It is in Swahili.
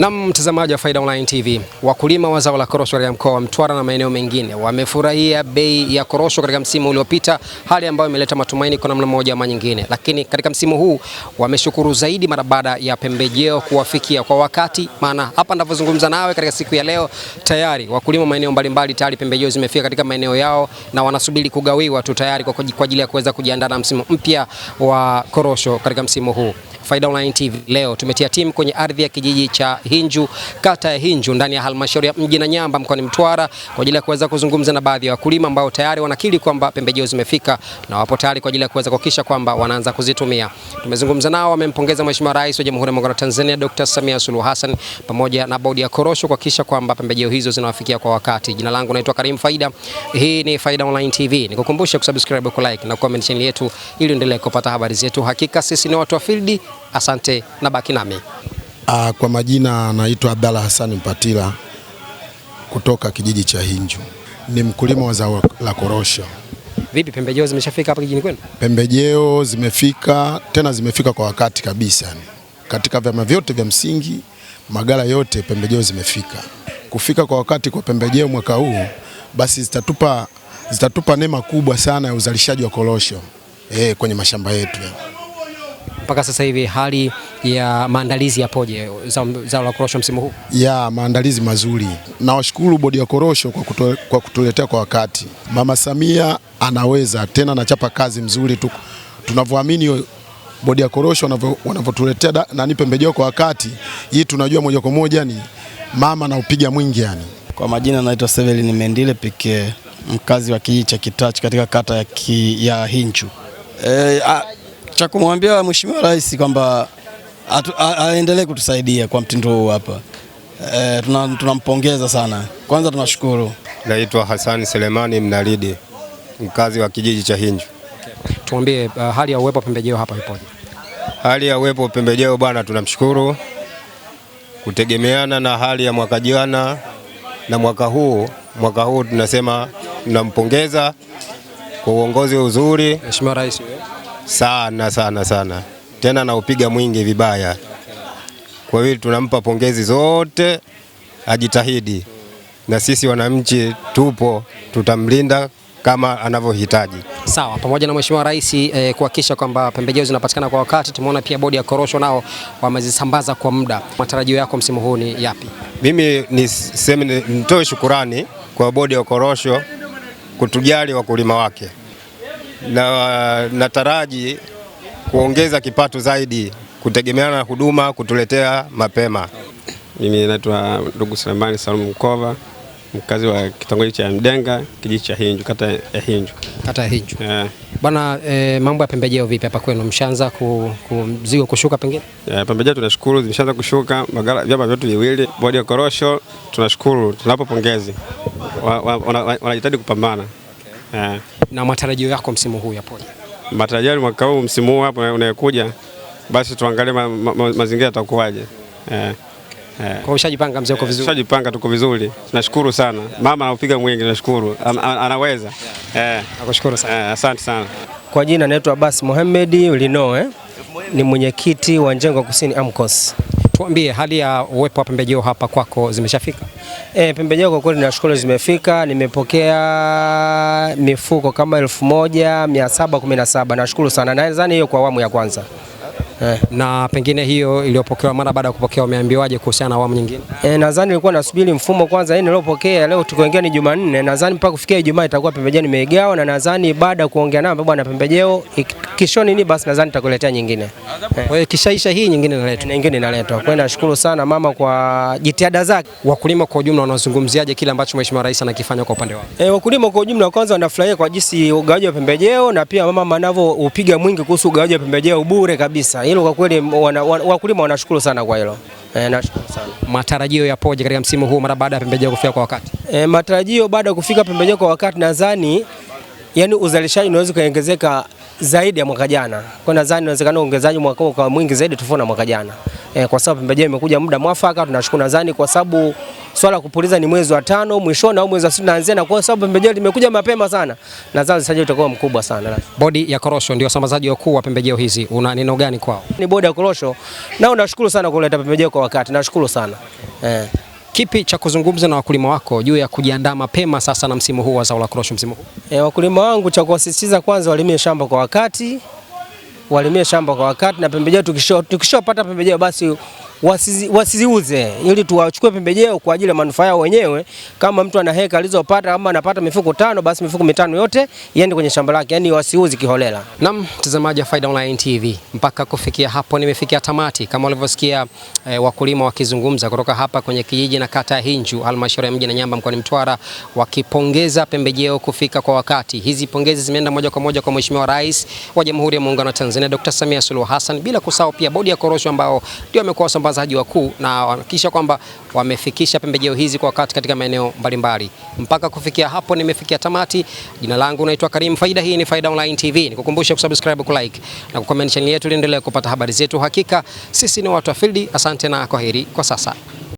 Na mtazamaji wa Faida Online TV, wakulima wa zao la korosho katika mkoa wa Mtwara na maeneo mengine wamefurahia bei ya korosho katika msimu uliopita, hali ambayo imeleta matumaini kwa namna moja ama nyingine. Lakini katika msimu huu wameshukuru zaidi mara baada ya pembejeo kuwafikia kwa wakati, maana hapa ninavyozungumza nawe katika siku ya leo tayari wakulima maeneo mbalimbali tayari pembejeo zimefika katika maeneo yao na wanasubiri kugawiwa tu tayari kwa ajili ya kuweza kujiandaa na msimu mpya wa korosho katika msimu huu. Faida Online TV leo tumetia timu kwenye ardhi ya kijiji cha Hinju, kata ya Hinju ndani ya halmashauri ya mji Nanyamba mkoani Mtwara kwa ajili ya kuweza kuzungumza na baadhi ya wakulima ambao tayari wanakiri kwamba pembejeo zimefika na wapo tayari kwa ajili ya kuweza kuhakikisha kwamba wanaanza kuzitumia. Tumezungumza nao, wamempongeza Mheshimiwa Rais wa Jamhuri ya Muungano wa Tanzania Dr. Samia Suluhu Hassan pamoja na bodi ya korosho kuhakikisha kwamba pembejeo hizo zinawafikia kwa wakati. Jina langu naitwa Karim Faida, hii ni Faida Online TV. Nikukumbusha kusubscribe, ku like na comment chini yetu ili uendelee kupata habari zetu. Hakika sisi ni watu wa field. Asante na baki nami. Aa, ah, kwa majina anaitwa Abdalla Hassan Mpatila kutoka kijiji cha Hinju, ni mkulima wa zao la korosho. Vipi, pembejeo zimeshafika hapa kijijini kwenu? Pembejeo zimefika, tena zimefika kwa wakati kabisa. Katika vyama vyote vya msingi, magala yote, pembejeo zimefika. Kufika kwa wakati kwa pembejeo mwaka huu, basi zitatupa, zitatupa neema kubwa sana ya uzalishaji wa korosho eh, kwenye mashamba yetu mpaka sasa hivi hali ya maandalizi yapoje zao za la korosho msimu huu? Ya maandalizi mazuri, nawashukuru bodi ya korosho kwa, kuto, kwa kutuletea kwa wakati. Mama Samia anaweza tena, anachapa kazi mzuri tu, tunavyoamini bodi ya korosho wanavyotuletea nani pembejeo kwa wakati hii, tunajua moja kwa moja ni mama naupiga mwingi yani. Kwa majina naitwa Sevelin Mendile pekee mkazi wa kijiji cha Kitachi katika kata ya, ki, ya Hinchu. E, a, cha kumwambia Mheshimiwa Rais kwamba aendelee kutusaidia kwa mtindo huu hapa. E, tunampongeza tuna sana, kwanza tunashukuru. Naitwa Hassan Selemani Mnalidi, mkazi wa kijiji cha Hinju. Okay. Tuambie uh, hali ya uwepo pembejeo hapa ipoje? Hali ya uwepo pembejeo bwana, tunamshukuru kutegemeana na hali ya mwaka jana na mwaka huu. Mwaka huu tunasema tunampongeza kwa uongozi uzuri Mheshimiwa Rais sana sana sana, tena naupiga mwingi vibaya. Kwa hiyo tunampa pongezi zote, ajitahidi, na sisi wananchi tupo, tutamlinda kama anavyohitaji. Sawa, pamoja na Mheshimiwa Rais eh, kuhakikisha kwamba pembejeo zinapatikana kwa wakati. Tumeona pia bodi ya korosho nao wamezisambaza kwa muda. Matarajio yako msimu huu ni yapi? Mimi niseme nitoe shukurani kwa bodi ya korosho kutujali wakulima wake na nataraji kuongeza kipato zaidi kutegemeana na huduma kutuletea mapema. Mimi naitwa ndugu Selemani Salum Mkova, mkazi wa kitongoji cha Mdenga, kijiji cha Hinju, kata ya Hinju, kata ya Hinju. Yeah. Bwana e, mambo ya pembejeo vipi hapa kwenu, mshaanza ku, ku, mzigo kushuka pengine? Yeah, pembejeo tunashukuru zimeshaanza kushuka, vyama vyetu viwili, bodi ya korosho tunashukuru, tunapo pongezi wanajitahidi wa, wa, wa, wa, kupambana Eh. Na matarajio yako msimu huu yapoje? Matarajio mwaka huu msimu huu hapo unayokuja, basi tuangalie ma, ma, ma, mazingira yatakuwaje. Eh. eh. Kwa ushajipanga mzee, uko vizuri? Ushajipanga, tuko vizuri. Nashukuru sana. Mama anaupiga mwingi, nashukuru. anaweza. Eh. Nakushukuru sana. Eh, asante sana. Kwa jina naitwa Abbas Mohamed linoe Ni mwenyekiti wa Njengo Kusini AMCOS tuambie hali ya uwepo wa pembejeo hapa kwako zimeshafika? E, eh, pembejeo kwa kweli nashukuru zimefika. Nimepokea mifuko kama elfu moja mia saba kumi na saba nashukuru sana, nadhani hiyo kwa awamu ya kwanza. Eh. Na pengine hiyo iliyopokewa mara baada ya kupokea, umeambiwaje kuhusiana na awamu nyingine? Eh, nadhani nilikuwa nasubiri mfumo kwanza, yeye niliopokea leo tukoongea ni Jumanne, nadhani mpaka kufikia Ijumaa itakuwa pembejeo nimeigawa, na nadhani baada ya kuongea naye bwana pembejeo kishoni ni basi, nadhani nitakuletea nyingine Kwa eh. hiyo kishaisha hii nyingine naletwa, eh, nyingine naletwa. Kwa hiyo nashukuru sana mama kwa jitihada zake. Wakulima kwa ujumla wanazungumziaje kile ambacho mheshimiwa rais anakifanya kwa upande wao? Eh, wakulima kwa ujumla kwanza wanafurahia kwa jinsi ugawaji wa pembejeo na pia mama manavo upiga mwingi kuhusu ugawaji wa pembejeo bure kabisa hilo kwa kweli wakulima wanashukuru sana kwa hilo e, nashukuru sana. Matarajio yapoje katika msimu huu mara baada ya pembejeo kufika kwa wakati? E, matarajio baada ya kufika pembejeo kwa wakati nadhani yani uzalishaji unaweza kuongezeka zaidi ya mwaka jana, kwa nadhani inawezekana uongezaji mwaka mwingi zaidi tofauti na mwaka jana e, kwa sababu pembejeo imekuja muda mwafaka. Tunashukuru nadhani kwa sababu swala kupuliza ni mwezi wa tano mwishoni au mwezi wa sita naanzia, na kwa sababu pembejeo limekuja mapema sana, nadhani uzalishaji itakuwa mkubwa sana. Bodi ya korosho ndio wasambazaji wakuu wa pembejeo hizi, una neno gani kwao? Ni bodi ya korosho, na unashukuru sana kuleta pembejeo kwa wakati, nashukuru sana e. Kipi cha kuzungumza na wakulima wako juu ya kujiandaa mapema sasa na msimu huu wa zao la korosho msimu huu? E, wakulima wangu cha kuwasisitiza kwanza, walimie shamba kwa wakati walimie shamba kwa wakati na pembejeo, tukishopata pembejeo basi wasiziuze wasizi, ili tuwachukue pembejeo kwa ajili ya manufaa yao wenyewe. Kama mtu ana heka alizopata ama anapata mifuko tano, basi mifuko mitano yote iende kwenye shamba lake, yani wasiuzi kiholela. Naam, mtazamaji wa Faida Online TV, mpaka kufikia hapo nimefikia tamati. Kama ulivyosikia eh, wakulima wakizungumza kutoka hapa kwenye kijiji na kata ya Hinju, halmashauri ya mji na Nyamba, mkoani Mtwara, wakipongeza pembejeo kufika kwa wakati. Hizi pongezi zimeenda moja kwa moja kwa Mheshimiwa Rais wa Jamhuri ya Muungano wa Tanzania Dr. Samia Suluhu Hassan, bila kusahau pia bodi ya korosho ambao ndio amekuwa wasambazaji wakuu na wahakikisha kwamba wamefikisha pembejeo hizi kwa wakati katika maeneo mbalimbali. Mpaka kufikia hapo nimefikia tamati. Jina langu naitwa Karim Faida, hii ni Faida Online TV. Nikukumbusha kusubscribe, kulike na kucomment channel yetu ili endelee kupata habari zetu. Hakika sisi ni watu wa field. Asante na kwaheri kwa sasa.